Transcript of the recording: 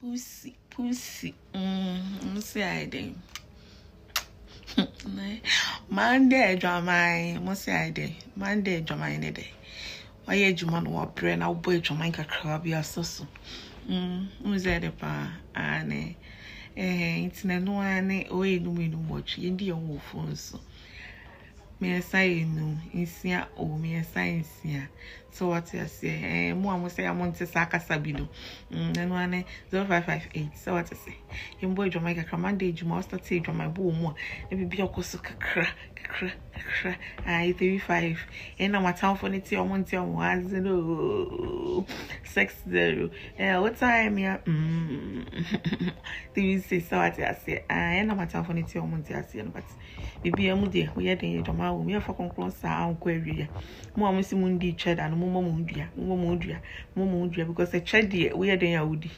pussy, pussy. Mm, see I did. Monday, drama. Must I did. Monday, drama in day. Why a Juman war brain? I'll boy Jamaica crab. Who's that? A pa, Anne. Eh, it's no one. Oh, you know, watch. You mmiɛnsa yɛ enum nsia o mmiɛnsa yɛ nsia so what you say? Eh, mo amu say nte saa saka sabido. no mm, ɛnu ane zero five five eight sɛ wɔte sɛ yɛn bɔ adwuma kakra monday adwuma ɔsɛ te adwuma ɛbɔ wɔn mu a ebi bi ɔkɔ so kakra kakra kakra ɛɛ three five ɛna wɔn atamfo ne ti wɔn nti wɔn azero six zero. Eh, what time ya? Mm. Do you say so? I say, I am not for it. Your money, I say, but maybe I'm there. We are there. Joma, we are for conclusions. I am query ya. Mo amusi mundi cheddar. No mo mo mundia. Mo mundia. Mo mundia because the cheddar we are there. Udi.